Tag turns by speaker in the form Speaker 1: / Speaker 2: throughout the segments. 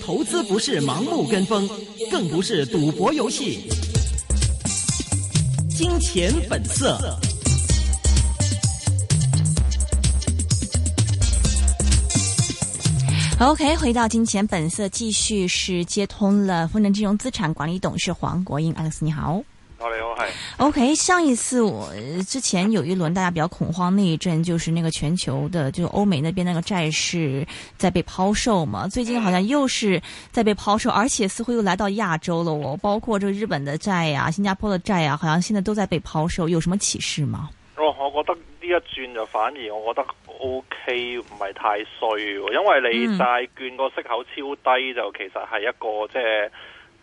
Speaker 1: 投資不是盲目跟風，更不是賭博遊戲。金錢本色。
Speaker 2: OK，回到金錢本色，繼續是接通了豐盛金融資產管理董事黃國英，Alex，你好。我係，OK。上一次我之前有一輪大家比較恐慌那一陣，就是那個全球的，就歐美那邊那個債市在被拋售嘛。最近好像又是在被拋售，而且似乎又來到亞洲了。我包括這日本的債啊、新加坡的債啊，好像現在都在被拋售。有什麼啟示嗎？
Speaker 1: 哦，我覺得呢一轉就反而我覺得 OK，唔係太衰，因為你債券個息口超低，就其實係一個即係。嗯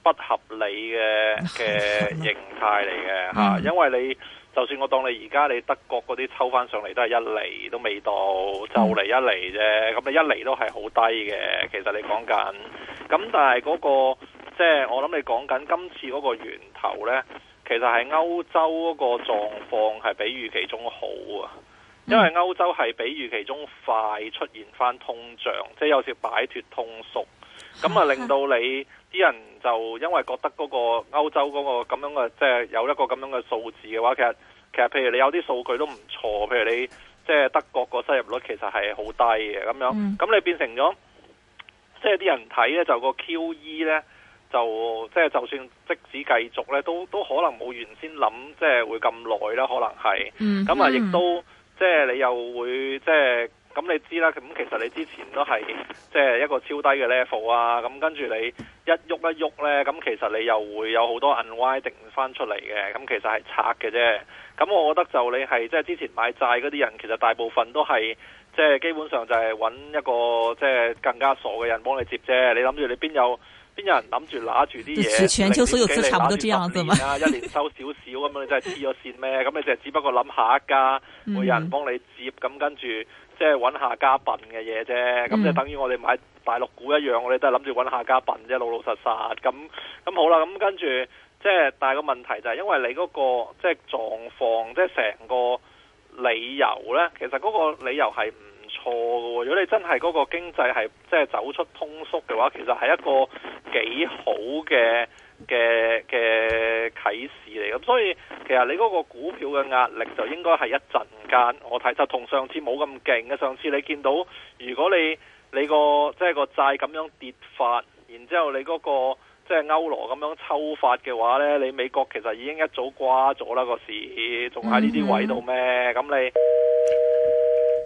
Speaker 1: 不合理嘅嘅形態嚟嘅吓， 因為你就算我當你而家你德國嗰啲抽翻上嚟，都係一厘都未到，就嚟一厘啫。咁你一厘都係好低嘅。其實你講緊，咁但係嗰、嗰個即係、即係、我諗你講緊今次嗰個源頭咧，其實係歐洲嗰個狀況係比預期中好啊。因為歐洲係比預期中快出現翻通脹，即係有時擺脫通縮。咁啊，令到你啲人就因為覺得嗰個歐洲嗰個咁樣嘅，即係有一個咁樣嘅數字嘅話，其實其實譬如你有啲數據都唔錯，譬如你即係德國個失業率其實係好低嘅咁樣，咁你變成咗，即係啲人睇咧就個 QE 咧就即係就算即使繼續咧都都可能冇原先諗即係會咁耐啦，可能係，咁啊亦都即係你又會即係。咁你知啦，咁其實你之前都係即係一個超低嘅 level 啊，咁跟住你一喐一喐咧，咁其實你又會有好多 unwind 定翻出嚟嘅，咁其實係拆嘅啫。咁我覺得就你係即係之前買債嗰啲人，其實大部分都係即係基本上就係揾一個即係更加傻嘅人幫你接啫。你諗住你邊有邊有人諗住攞住啲嘢？全球所有資產都這樣子嘛？一年收少少咁樣，你真係黐咗線咩？咁你成日只不過諗下一家會有人幫你接，咁跟住。即係揾下家笨嘅嘢啫，咁就、嗯、等於我哋買大陸股一樣，我哋都係諗住揾下家笨啫，老老實實咁咁好啦。咁跟住，即係大個問題就係，因為你嗰、嗰個即係狀況，即係成個理由呢。其實嗰個理由係唔錯㗎。如果你真係嗰個經濟係即係走出通縮嘅話，其實係一個幾好嘅。嘅嘅啟示嚟咁，所以其實你嗰個股票嘅壓力就應該係一陣間。我睇就同上次冇咁勁嘅，上次你見到如果你你個即係個債咁樣跌法，然之後你嗰個即係歐羅咁樣抽法嘅話，呢你美國其實已經一早瓜咗啦個市，仲喺呢啲位度咩？咁、mm hmm. 你。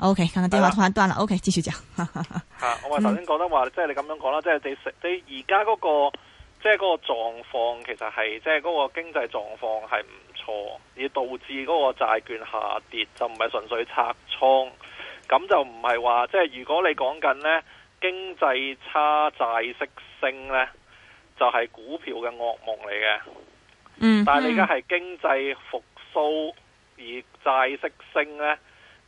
Speaker 2: O K，剛剛電話突然斷啦。哎、呀 o、okay, K，繼續講。
Speaker 1: 吓， 我話頭先覺得話，即係你咁樣講啦，即係你你而家嗰個，即係個狀況，其實係即係嗰個經濟狀況係唔錯，而導致嗰個債券下跌就唔係純粹拆倉，咁就唔係話即係如果你講緊咧經濟差債息升呢，就係、是、股票嘅噩夢嚟嘅。嗯，但係你而家係經濟復蘇而債息升呢。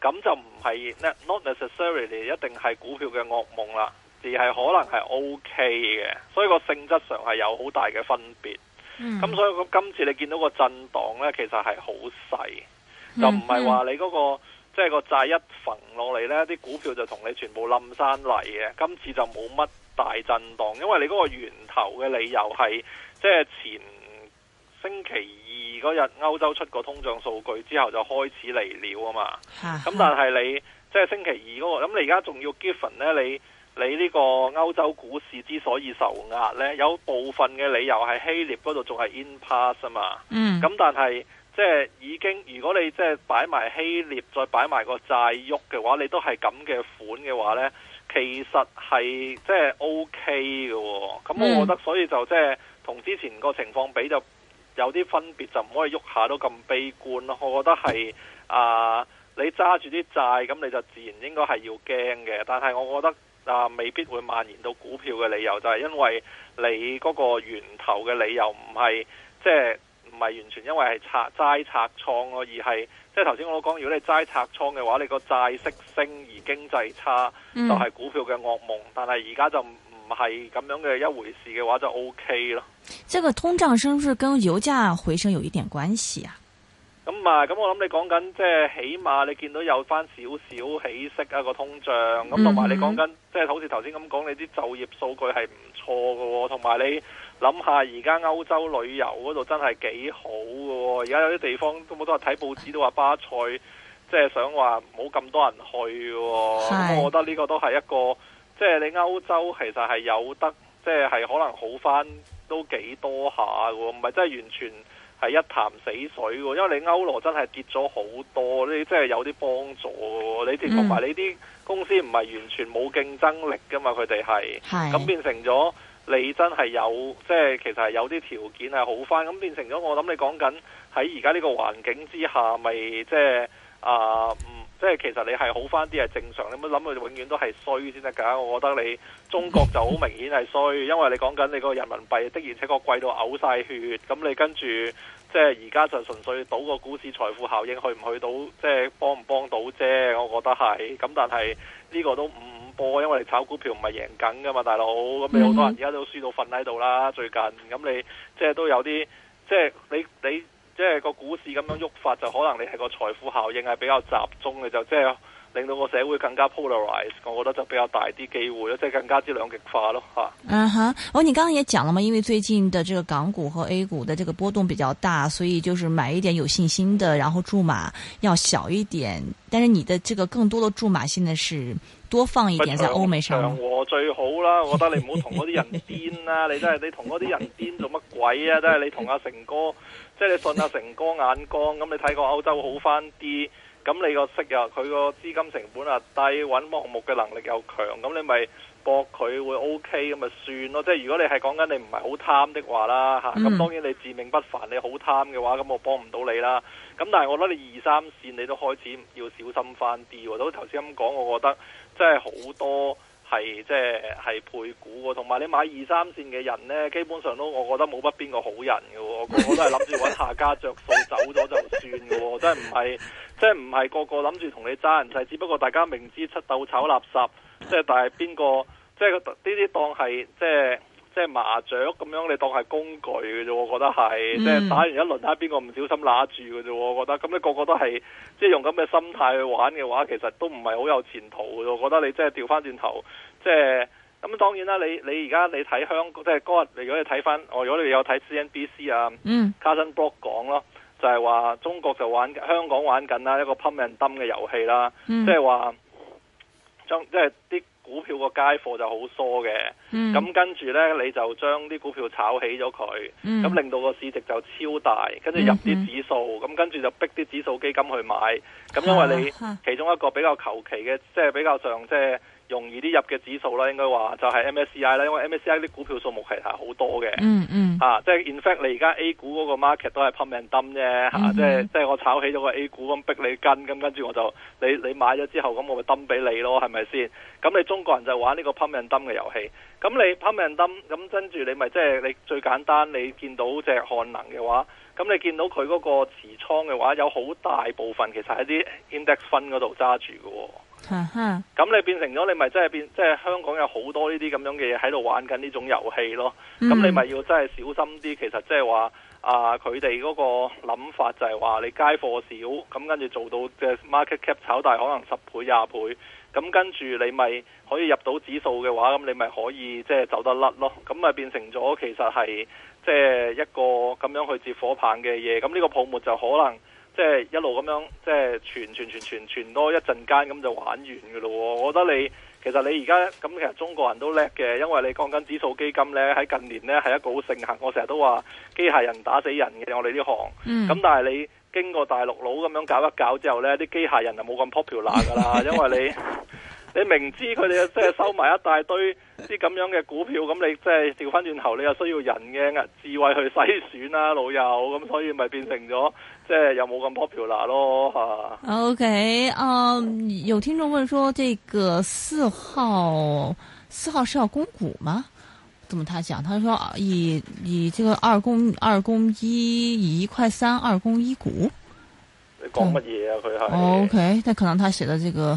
Speaker 1: 咁就唔係 not necessarily 一定係股票嘅噩夢啦，而係可能係 OK 嘅，所以個性質上係有好大嘅分別。咁、嗯、所以今次你見到個震盪呢，其實係好細，就唔係話你嗰、嗰個即係、即係、個債一墳落嚟呢，啲股票就同你全部冧山嚟嘅。今次就冇乜大震盪，因為你嗰個源頭嘅理由係即係前。星期二嗰日歐洲出個通脹數據之後就開始嚟了啊嘛，
Speaker 2: 咁、啊嗯、但係
Speaker 1: 你即係、就是、星期二嗰、那個，咁你而家仲要 Giffen 咧，你你呢個歐洲股市之所以受壓咧，有部分嘅理由係希臘嗰度仲係 in pass 啊嘛，咁、嗯、但係即係已經，如果你即係擺埋希臘再擺埋個債喐嘅話，你都係咁嘅款嘅話咧，其實係即係 O K 嘅喎，咁、就是 OK 哦、我覺得所以就即係同之前個情況比就。有啲分別就唔可以喐下都咁悲觀咯，我覺得係啊，你揸住啲債咁你就自然應該係要驚嘅，但係我覺得啊未必會蔓延到股票嘅理由就係因為你嗰個源頭嘅理由唔係即係唔係完全因為係拆齋拆倉咯，而係即係頭先我都講，如果你齋拆倉嘅話，你個債息升而經濟差就係股票嘅噩夢，但係而家就。唔係咁樣嘅一回事嘅話就 O K 咯。
Speaker 2: 這個通脹是不是跟油價回升有一點關係啊？
Speaker 1: 咁啊、嗯哼，咁我諗你講緊，即係起碼你見到有翻少少起色啊個通脹。咁同埋你講緊，即係好似頭先咁講，你啲就業數據係唔錯噶。同埋你諗下，而家歐洲旅遊嗰度真係幾好噶。而家有啲地方，好多人，我都話睇報紙都話巴塞，即係想話冇咁多人去。咁我覺得呢個都係一個。即係你歐洲其實係有得，即係係可能好翻都幾多下喎，唔係真係完全係一潭死水喎。因為你歐羅真係跌咗好多，你即係有啲幫助。你同埋、嗯、你啲公司唔係完全冇競爭力噶嘛，佢哋係，咁是的 變成咗你真係有，即係其實係有啲條件係好翻。咁變成咗我諗你講緊喺而家呢個環境之下，咪即係啊？呃即係其實你係好翻啲係正常，你冇諗佢永遠都係衰先得噶。我覺得你中國就好明顯係衰，因為你講緊你個人民幣的而且確貴到嘔晒血。咁你跟住即係而家就純粹賭個股市財富效應去唔去到，即係幫唔幫到啫。我覺得係，咁但係呢個都五五波，因為你炒股票唔係贏緊噶嘛，大佬。咁你好多人而家都輸到瞓喺度啦，最近。咁你即係都有啲，即係你你。即係個股市咁樣喐法，就可能你係個財富效應係比較集中嘅，就即係令到個社會更加 polarize，我覺得就比較大啲機會咯，即係更加之兩極化咯，吓、
Speaker 2: uh。嗯哼，哦，你剛剛也講啦嘛，因為最近的這個港股和 A 股的這個波動比較大，所以就是買一點有信心的，然後注碼要小一點。但是你的這個更多的注碼現在是。多放一點喺歐美上。長和，
Speaker 1: 和最好啦，我覺得你唔好同嗰啲人癲啦， 你真係你同嗰啲人癲做乜鬼啊！ 真係你同 阿成哥，即係你信阿成哥眼光，咁你睇個歐洲好翻啲，咁你個息又佢個資金成本啊低，揾項目嘅能力又強，咁你咪博佢會 OK，咁咪算咯。即係如果你係講緊你唔係好貪的話啦吓，咁、嗯、當然你自命不凡，你好貪嘅話，咁我幫唔到你啦。咁但係我覺得你二三線你都開始要小心翻啲喎，好似頭先咁講，我覺得即係好多係即係係配股喎，同埋你買二三線嘅人呢，基本上都我覺得冇乜邊個好人嘅喎，我個個都係諗住揾下家着數走咗就算嘅喎，真係唔係即係唔係個個諗住同你揸人勢，只不過大家明知出竇炒垃圾，即係但係邊個即係呢啲當係即係。即係麻雀咁樣，你當係工具嘅啫，我覺得係。嗯、即係打完一輪睇邊個唔小心攞住嘅啫，我覺得。咁你個個都係即係用咁嘅心態去玩嘅話，其實都唔係好有前途嘅。我覺得你即係調翻轉頭，即係咁當然啦。你你而家你睇香港，即係嗰日如果你睇翻，我如果你有睇 CNBC 啊，Carson Block 講咯，就係、是、話中國就玩香港玩緊啦一個 pump and dump 嘅遊戲啦，嗯、即係話將即係啲，股票個街貨就好疏嘅。咁、嗯、跟住咧你就將啲股票炒起咗佢，咁、嗯、令到個市值就超大，跟住入啲指數，咁、嗯嗯、跟住就逼啲指數基金去買。咁因為你其中一個比較求其嘅，即係比較上即係。容易啲入嘅指數啦，應該話就係、是、MSCI 啦。因為 MSCI 啲股票數目其實係好多嘅。嗯嗯、mm hmm. 啊。啊，mm hmm. 即係 in fact，你而家 A 股嗰個 market 都係 pump and dump 啫嚇，即係即係我炒起咗個 A 股咁逼你跟，咁跟住我就你你買咗之後咁我咪抌俾你咯，係咪先？咁你中國人就玩呢個 pump and dump 嘅遊戲。咁你 pump and dump，咁跟住你咪即係你最簡單，你見到隻漢能嘅話，咁你見到佢嗰個持倉嘅話，有好大部分其實喺啲 index fund 嗰度揸住嘅喎。嗯嗯，咁 你變成咗你咪真係變，即係香港有好多呢啲咁樣嘅嘢喺度玩緊呢種遊戲咯。咁 你咪要真係小心啲。其實即係話啊，佢哋嗰個諗法就係話你街貨少，咁跟住做到嘅 market cap 炒大可能十倍廿倍，咁跟住你咪可以入到指數嘅話，咁你咪可以即係走得甩咯。咁咪變成咗其實係即係一個咁樣去接火棒嘅嘢。咁呢個泡沫就可能。即係一路咁樣，即係傳傳傳傳傳多一陣間，咁就玩完嘅咯喎！我覺得你其實你而家咁，其實中國人都叻嘅，因為你講緊指數基金呢，喺近年呢係一個好盛行。我成日都話機械人打死人嘅，我哋呢行。咁，嗯，但係你經過大陸佬咁樣搞一搞之後呢，啲機械人就冇咁 popular 㗎啦，因為你。 你明知佢哋即係收埋一大堆啲咁樣嘅股票，咁你即係調翻轉頭，你又需要人嘅智慧去篩選啦、啊，老友，咁所以咪變成咗即係又冇咁 popular 咯
Speaker 2: OK，誒、um,，有聽眾問說，這個四號四號是要供股嗎？怎麼他講？他就說以以這個二供二供一，以一塊三二供一股。你
Speaker 1: 講乜嘢啊？佢係 OK，
Speaker 2: 但可能他寫的這個。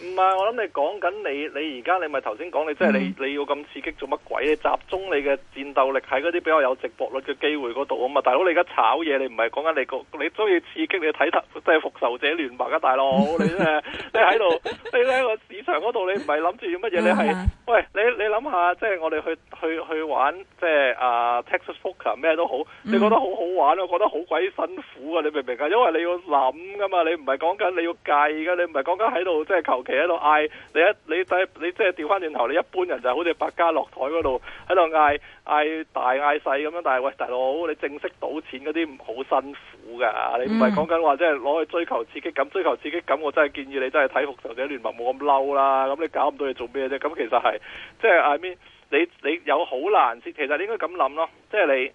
Speaker 1: 唔係，嗯，我諗你講緊你，你而家你咪頭先講你，即係，嗯，你你要咁刺激做乜鬼，你集中你嘅戰鬥力喺嗰啲比較有值博率嘅機會嗰度啊嘛！大，嗯，佬，你而家炒嘢，你唔係講緊你個，你中意刺激你睇得即係復仇者聯盟啊！大佬，你真係你喺度，你喺個市場嗰度，你唔係諗住要乜嘢？你係，嗯，喂，你你諗下，即、就、係、是、我哋去去去玩，即係啊 Texas Poker 咩都好，你覺得好好玩啊？我覺得好鬼辛苦啊！你明唔明啊？因為你要諗噶嘛，你唔係講緊你要計噶，你唔係講緊喺度即係求。就是佢喺度嗌你一你第你即係掉翻轉頭，你一般人就好似百家樂台嗰度喺度嗌嗌大嗌細咁樣，但係喂大佬，你正式賭錢嗰啲好辛苦噶，你唔係講緊話即係攞去追求刺激感、追求刺激感，我真係建議你真係睇復仇者聯盟冇咁嬲啦。咁你搞唔到嘢做咩啫？咁其實係即係阿邊，你你有好難先，其實你應該咁諗咯，即係你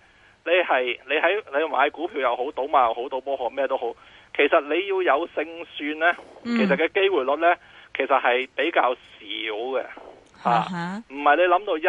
Speaker 1: 你係你喺你買股票又好，賭馬又好，賭波賀咩都好，其實你要有勝算咧，其實嘅機會率咧。其實係比較少嘅，吓唔係你諗到一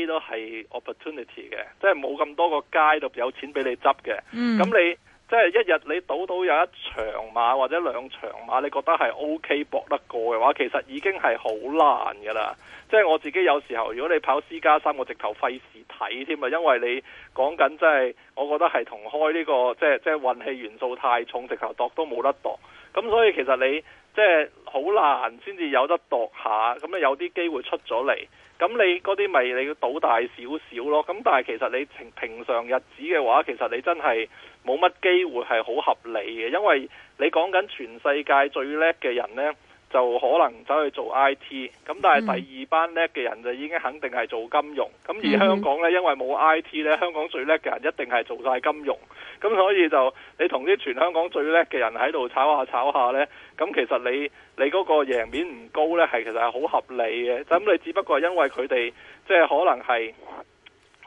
Speaker 1: 街都係 opportunity 嘅，即係冇咁多個街度有錢俾你執嘅。咁、嗯嗯、你即係、就是、一日你賭到有一場馬或者兩場馬，你覺得係 OK 搏得過嘅話，其實已經係好難㗎喇。即、就、係、是、我自己有時候，如果你跑私家三，3, 我直頭費事睇添啊，因為你講緊即係，就是、我覺得係同開呢、這個即係即係運氣元素太重，直頭度都冇得度。咁所以其實你。即係好難先至有得度下，咁咧有啲機會出咗嚟，咁你嗰啲咪你要賭大少少咯。咁但係其實你平平常日子嘅話，其實你真係冇乜機會係好合理嘅，因為你講緊全世界最叻嘅人呢，就可能走去做 IT，咁但係第二班叻嘅人就已經肯定係做金融，咁而香港咧因為冇 IT 咧，香港最叻嘅人一定係做晒金融，咁所以就你同啲全香港最叻嘅人喺度炒下炒下咧，咁其實你你嗰個贏面唔高咧，係其實係好合理嘅，咁你只不過係因為佢哋即係可能係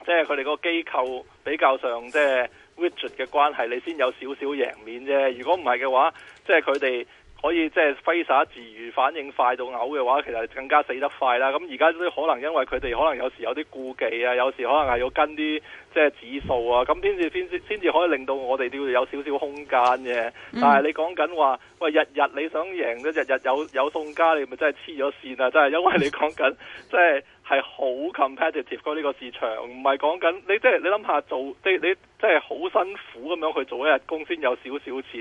Speaker 1: 即係佢哋個機構比較上即係 rigid 嘅關係，你先有少少贏面啫，如果唔係嘅話，即係佢哋。可以即係揮灑自如，反應快到嘔嘅話，其實更加死得快啦。咁而家都可能因為佢哋可能有時有啲顧忌啊，有時可能係要跟啲即係指數啊，咁先至先至先至可以令到我哋要有少少空間嘅。但係你講緊話，喂，日日你想贏，日日有有送加，你咪真係黐咗線啊！真係因為你講緊即係係好 competitive 嗰呢個市場，唔係講緊你即係你諗下做即係你。就是你想想即係好辛苦咁樣去做一日工先有少少錢，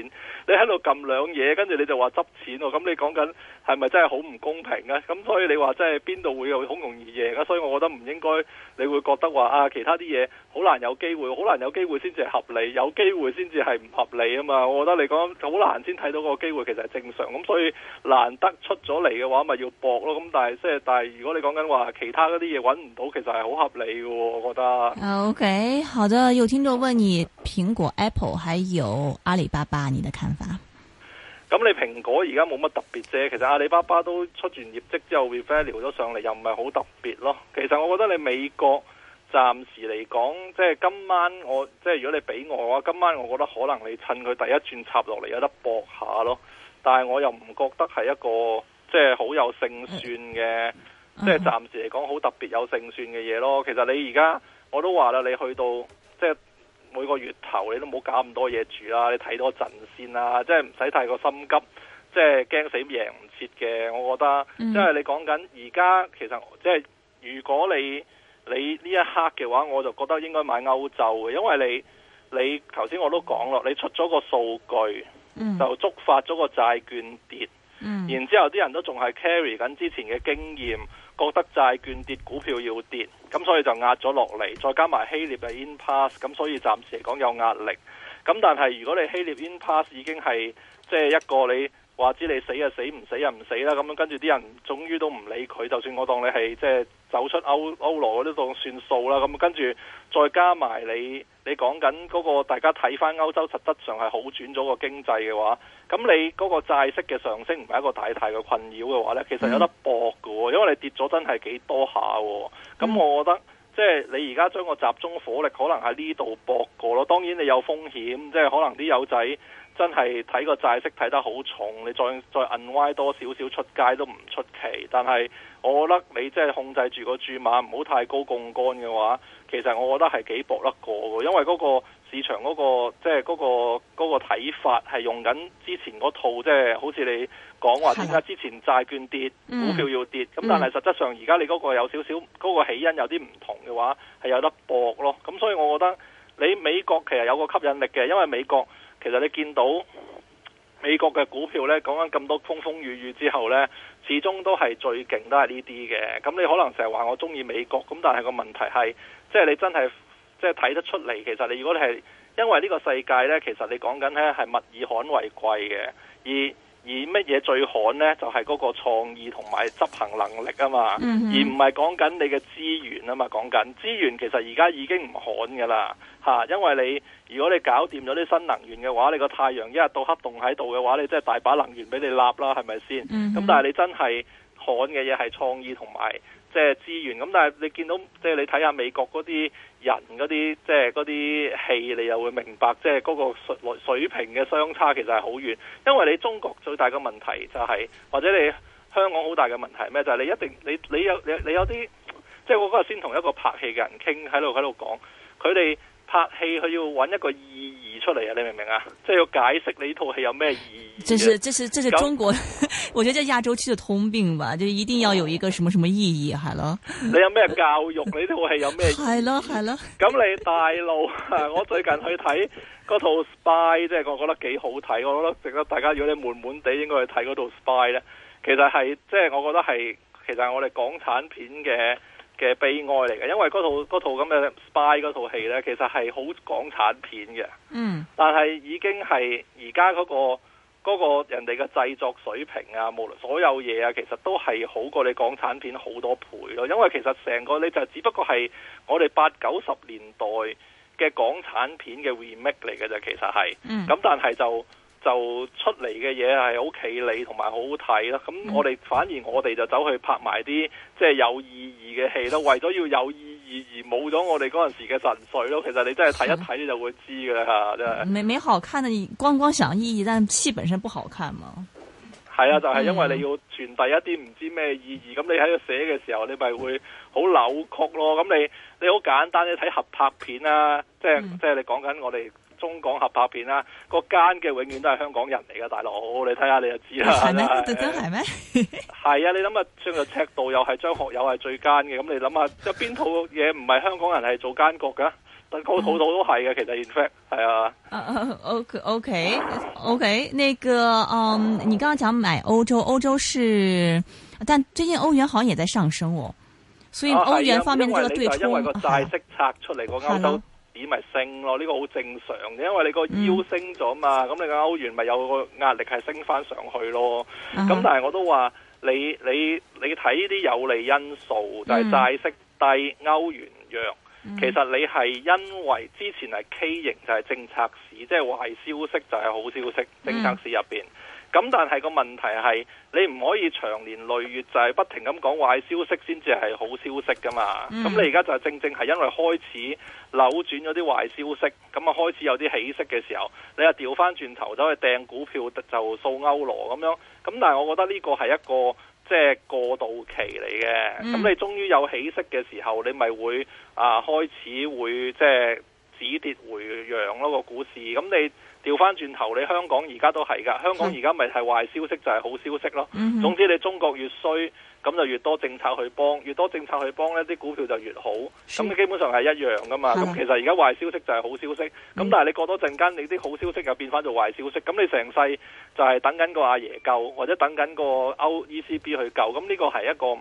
Speaker 1: 你喺度撳兩嘢，跟住你就話執錢喎，咁、嗯、你講緊係咪真係好唔公平呀？咁、嗯、所以你話即係邊度會又好容易贏啊？所以我覺得唔應該，你會覺得話啊其他啲嘢好難有機會，好難有機會先至係合理，有機會先至係唔合理啊嘛？我覺得你講好難先睇到個機會，其實係正常咁、嗯，所以難得出咗嚟嘅話咪要搏咯。咁、嗯、但係即係但係如果你講緊話其他嗰啲嘢揾唔到，其實係好合理嘅、哦，我覺得。OK，
Speaker 2: 好的，有聽到。你蘋果 Apple 還有阿里巴巴，你的看法？
Speaker 1: 咁你蘋果而家冇乜特別啫。其實阿里巴巴都出完業績之後 refer 聊咗上嚟，又唔係好特別咯。其實我覺得你美國暫時嚟講，即係今晚我即係如果你俾我嘅話，今晚我覺得可能你趁佢第一轉插落嚟有得搏下咯。但係我又唔覺得係一個即係好有勝算嘅，呃、即係暫時嚟講好、呃、特別有勝算嘅嘢咯。其實你而家我都話啦，你去到。每個月頭你都冇搞咁多嘢住啦、啊，你睇多陣先啦、啊，即係唔使太過心急，即係驚死贏唔切嘅。我覺得，即係你講緊而家其實即係、就是、如果你你呢一刻嘅話，我就覺得應該買歐洲嘅，因為你你頭先我都講咯，你出咗個數據、嗯、就觸發咗個債券跌，嗯、然之後啲人都仲係 carry 緊之前嘅經驗。覺得債券跌，股票要跌，咁所以就壓咗落嚟，再加埋希臘嘅 impasse，咁所以暫時嚟講有壓力。咁但係如果你希臘 impasse 已經係即係一個你話知你死啊，死唔死啊，唔死啦，咁樣跟住啲人終於都唔理佢，就算我當你係即係。即係走出歐歐羅嗰啲都算數啦，咁跟住再加埋你你講緊嗰個大家睇翻歐洲實質上係好轉咗個經濟嘅話，咁你嗰個債息嘅上升唔係一個大太嘅困擾嘅話呢，其實有得博嘅喎，嗯、因為你跌咗真係幾多下喎、啊，咁我覺得、嗯、即係你而家將個集中火力可能喺呢度博過咯，當然你有風險，即係可能啲友仔真係睇個債息睇得好重，你再再 unwind 多少少出街都唔出奇，但係。我覺得你即係控制住個注碼唔好太高槓桿嘅話，其實我覺得係幾搏得過嘅，因為嗰個市場嗰、嗰個即係嗰個睇、嗰個、法係用緊之前嗰套即係、即係、好似你講話，點解之前債券跌，股票的要跌，咁、嗯、但係實質上而家你嗰個有少少嗰、嗰個起因有啲唔同嘅話，係有得搏咯。咁所以我覺得你美國其實有個吸引力嘅，因為美國其實你見到。美國嘅股票呢，講緊咁多風風雨雨之後呢，始終都係最勁，都係呢啲嘅。咁你可能成日話我中意美國，咁但係個問題係，即係你真係即係睇得出嚟，其實你如果你係因為呢個世界呢，其實你講緊呢係物以罕為貴嘅，而。以乜嘢最罕呢？就係、是、嗰個創意同埋執行能力啊嘛，而唔係講緊你嘅資源啊嘛。講緊資源其實而家已經唔罕噶啦嚇，因為你如果你搞掂咗啲新能源嘅話，你個太陽一日到黑動喺度嘅話，你真係大把能源俾你攬啦，係咪先？咁、嗯、哼但係你真係。看嘅嘢係創意同埋即係資源，咁但係你見到即係、就是、你睇下美國嗰啲人嗰啲即係嗰啲戲，你又會明白，即係嗰個水水平嘅相差其實係好遠。因為你中國最大嘅問題就係、是，或者你香港好大嘅問題咩？就係你一定你你有你你有啲，即係、就是、我嗰日先同一個拍戲嘅人傾，喺度喺度講，佢哋。拍戲佢要揾一個意義出嚟啊！你明唔明啊？即係要解釋你呢套戲有咩意義？即係，是中國，
Speaker 2: 樣 我覺得在亞洲區嘅通病吧，就一定要有一個什麼什麼意義，係咯、哦？
Speaker 1: 你有咩教育？你套戲有咩意義？係咯，係咯。咁你大陸，我最近去睇嗰套 Spy，即係我覺得幾好睇，我覺得值得大家，如果你悶悶地，應該去睇嗰套 Spy 呢，就是，其實係即係我覺得係，其實我哋港產片嘅。嘅悲哀嚟嘅，因為嗰套嗰套咁嘅 spy 嗰套戲咧，其實係好港產片嘅。嗯。但係已經係而家嗰個嗰個人哋嘅製作水平啊，無論所有嘢啊，其實都係好過你港產片好多倍咯。因為其實成個你就只不過係我哋八九十年代嘅港產片嘅 remake 嚟嘅啫，其實係嗯。咁但係就。就出嚟嘅嘢係好企理同埋好好睇咯，咁我哋、嗯、反而我哋就走去拍埋啲即係有意義嘅戲咯，嗯、為咗要有意義而冇咗我哋嗰陣時嘅神髓咯。其實你真係睇一睇你就會知㗎啦嚇，真係的的、
Speaker 2: 嗯。沒沒好看嘅，光光想意義，但係戲本身不好看嘛。
Speaker 1: 係啊，就係、是、因為你要傳遞一啲唔知咩意義，咁、嗯、你喺度寫嘅時候，你咪會好扭曲咯。咁你你好簡單，你睇合拍片啊，即係即係你講緊我哋。中港合拍片啦，個奸嘅永遠都係香港人嚟㗎，大佬，你睇下你就知啦。係咩？ 真係咩？係 啊，你諗下將個尺度又係張學友係最奸嘅，咁你諗下，邊 套嘢唔係香港人係做奸角㗎？但個套套都係嘅，其實 in fact 係啊。
Speaker 2: 嗯嗯、OK OK OK，那個、um, 嗯，你剛剛講買歐洲，歐洲是，但最近歐元好像也在上升哦，
Speaker 1: 所以歐元方面呢個對沖。 因為你就因為個債息拆出嚟個歐洲。以咪、哎、升咯，呢、這個好正常嘅，因為你個腰升咗嘛，咁、嗯、你個歐元咪有個壓力係升翻上去咯。咁、嗯、但係我都話，你你你睇呢啲有利因素就係、是，債息低、歐元弱，嗯、其實你係因為之前係 K 型就係、是、政策市，即係話壞消息就係好消息，嗯、政策市入邊。咁但係個問題係，你唔可以長年累月就係不停咁講壞消息先至係好消息噶嘛？咁、嗯、你而家就正正係因為開始扭轉咗啲壞消息，咁啊開始有啲起色嘅時候，你又掉翻轉頭走去掟股票就掃歐羅咁樣。咁但係我覺得呢個係一個即係、就是、過渡期嚟嘅。咁、嗯、你終於有起色嘅時候，你咪會啊開始會即係、就是、止跌回揚咯個股市。咁你。調翻轉頭，你香港而家都係噶，香港而家咪係壞消息就係好消息咯。Mm hmm. 總之你中國越衰，咁就越多政策去幫，越多政策去幫，呢啲股票就越好。咁你是基本上係一樣噶嘛。咁的其實而家壞消息就係好消息，咁、mm hmm. 但係你過多陣間，你啲好消息又變翻做壞消息。咁你成世就係等緊個阿爺救，或者等緊個歐 ECB 去救。咁呢個係一個唔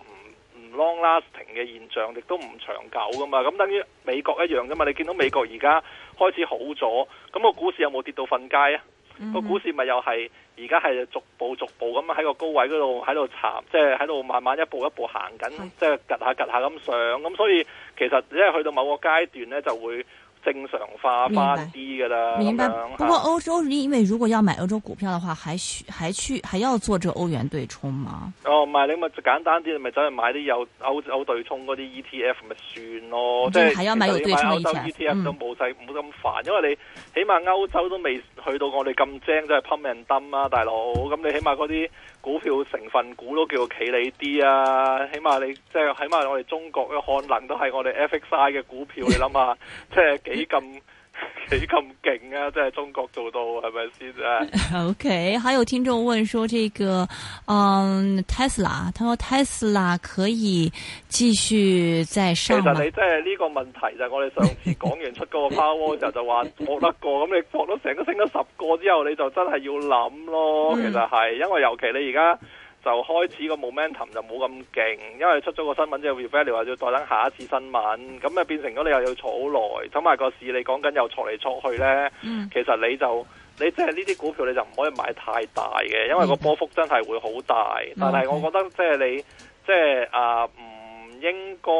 Speaker 1: 唔 long lasting 嘅現象，亦都唔長久噶嘛。咁等於美國一樣噶嘛。你見到美國而家、mm。Hmm. 開始好咗，咁、那個股市有冇跌到瞓街啊？個、mm hmm. 股市咪又係而家係逐步逐步咁喺個高位嗰度喺度查，即係喺度慢慢一步一步行緊，即係趌下趌下咁上，咁所以其實即係去到某個階段呢，就會。正常化翻啲㗎喇，明白，樣明白。不過歐
Speaker 2: 洲，因為如果要買歐洲股票嘅話，還需還去還要做隻歐元對沖嗎？
Speaker 1: 哦，唔係你咪簡單啲，你咪走去買啲有歐歐對沖嗰啲 ETF 咪算咯。即係你買歐，對 ET 歐洲 ETF，嗯、都冇使冇咁煩，因為你起碼歐洲都未去到我哋咁精，即係 pump and dump 啊，大佬。咁你起碼嗰啲。股票成分股都叫做企理啲啊，起碼你即係、就是、起碼我哋中國嘅漢能都係我哋 FXI 嘅股票， 你諗下，即係幾咁？幾咁勁啊！即係中國做到係咪先
Speaker 2: 啊？OK，還有聽眾問說，這個嗯，特斯拉，他說 Tesla 可以繼續再上。其實你
Speaker 1: 即係呢個問題就係我哋上次講完出嗰個 Powerwall 嘅時候就話搏得過，咁 你搏到成個升咗十個之後，你就真係要諗咯。其實係，因為尤其你而家。就開始個 momentum 就冇咁勁，因為出咗個新聞之後，referral 話要再等下一次新聞，咁啊變成咗你又要坐好耐，咁埋個市你講緊又挫嚟挫去呢？Mm. 其實你就你即係呢啲股票你就唔可以買太大嘅，因為個波幅真係會好大。但係我覺得即係你即係、就係、啊唔應該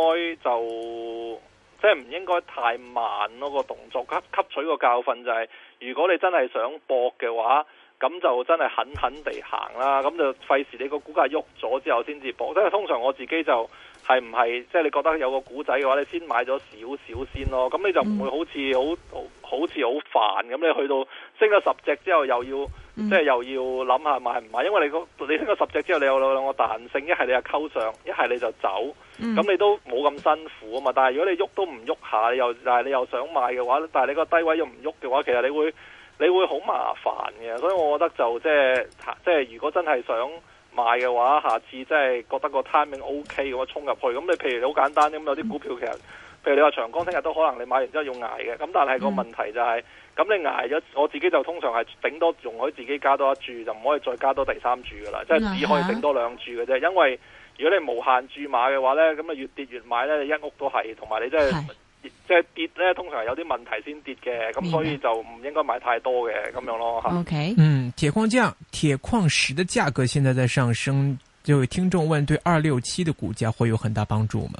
Speaker 1: 就即係唔應該太慢嗰、嗰個動作。吸取個教訓就係、係，如果你真係想搏嘅話。.咁就真係狠狠地行啦，咁就費事你個股價喐咗之後先至搏。即係通常我自己就係唔係，即係你覺得有個股仔嘅話，你先買咗少少先咯，咁你就唔會好似好，好似好煩咁，你去到升咗十隻之後又要，嗯、即係又要諗下買唔買，因為你你升咗十隻之後，你有兩兩個彈性，一係你就溝上，一係你就走，咁、嗯、你都冇咁辛苦啊嘛。但係如果你喐都唔喐下，你又但係你又想買嘅話，但係你個低位又唔喐嘅話，其實你會。你會好麻煩嘅，所以我覺得就即係即係，如果真係想買嘅話，下次即係覺得個 timing OK 咁啊，我衝入去。咁你譬如你好簡單咁，有啲股票其實，嗯、譬如你話長江聽日都可能你買完之後要捱嘅。咁但係個問題就係、是，咁、嗯、你捱咗，我自己就通常係頂多容許自己加多一注，就唔可以再加多第三注噶啦。即係只可以頂多兩注嘅啫。因為如果你無限注買嘅話呢，咁啊，越跌越買你一屋都係，同埋你真、就、係、是。即係跌咧，通常係有啲問題先跌嘅，咁所以就唔應該買太多嘅咁樣咯。吓，Okay.
Speaker 2: 嗯，鐵礦價、
Speaker 1: 鐵礦石嘅價格現在在上升，就有聽眾問，對二六七嘅股價會有很大幫助嗎？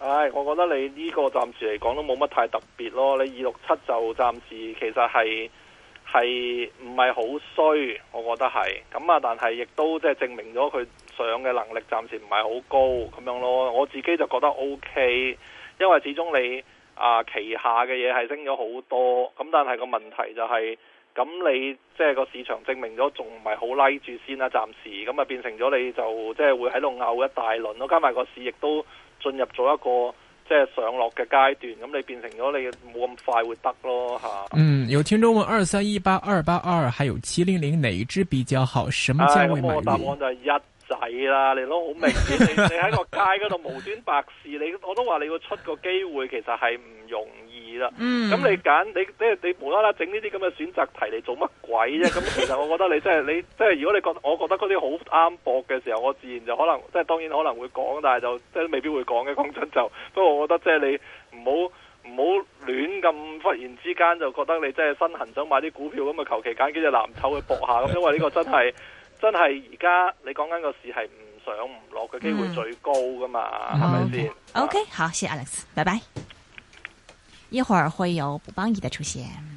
Speaker 1: 唉、哎，我覺得你呢個暫時嚟講都冇乜太特別咯。你二六七就暫時其實係係唔係好衰，我覺得係咁啊。但係亦都即係證明咗佢上嘅能力暫時唔係好高咁樣咯。我自己就覺得 OK。因為始終你啊、呃、旗下嘅嘢係升咗好多，咁但係個問題就係、是、咁你即係個市場證明咗仲唔係好拉住先啊，暫時咁啊變成咗你就即係會喺度拗一大輪咯，加埋個市亦都進入咗一個即係上落嘅階段，咁你變成咗你冇咁快會得咯吓。啊、嗯，有聽眾問二三一八二八二二還有七零零，哪一支比較好？什麼價位買入、啊、我答案就係一。仔啦， 你都好明顯，你喺個街嗰度無端白事，你我都話你要出個機會，其實係唔容易啦。咁、嗯、你揀你你，你無啦啦整呢啲咁嘅選擇題嚟做乜鬼啫？咁其實我覺得你真係你即係如果你覺得，我覺得嗰啲好啱博嘅時候，我自然就可能即係當然可能會講，但係就即係未必會講嘅。講真就，不過我覺得即係你唔好唔好亂咁忽然之間就覺得你真係身痕，想買啲股票咁啊，求其揀幾隻藍籌去博下咁，因為呢個真係。真係而家你講緊個市係唔上唔落嘅機會最高噶嘛？係咪先？OK，好，
Speaker 2: 謝謝 Alex，拜拜。一會兒會有卜邦儀的出現。